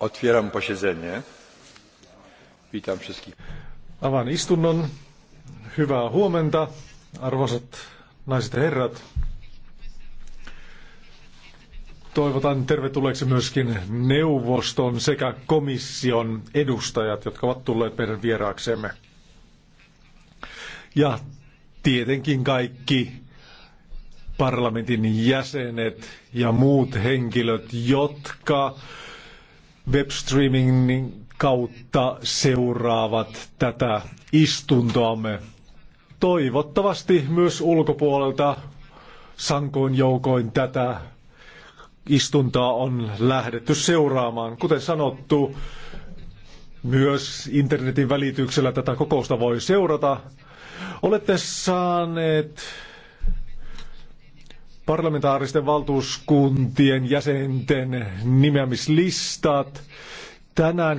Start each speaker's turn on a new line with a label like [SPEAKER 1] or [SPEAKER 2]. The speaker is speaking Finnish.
[SPEAKER 1] Otwieram posiedzenie. Witam wszystkich.
[SPEAKER 2] Avaan istunnon. Hyvää huomenta, arvoisat naiset ja herrat. Toivotan tervetulleeksi myöskin neuvoston sekä komission edustajat, jotka ovat tulleet meidän vieraaksemme. Ja tietenkin kaikki parlamentin jäsenet ja muut henkilöt, jotka webstreamingin kautta seuraavat tätä istuntoamme. Toivottavasti myös ulkopuolelta sankoin joukoin tätä istuntaa on lähdetty seuraamaan. Kuten sanottu, myös internetin välityksellä tätä kokousta voi seurata. Olette saaneet parlamentaaristen valtuuskuntien jäsenten nimeämislistat. Tänään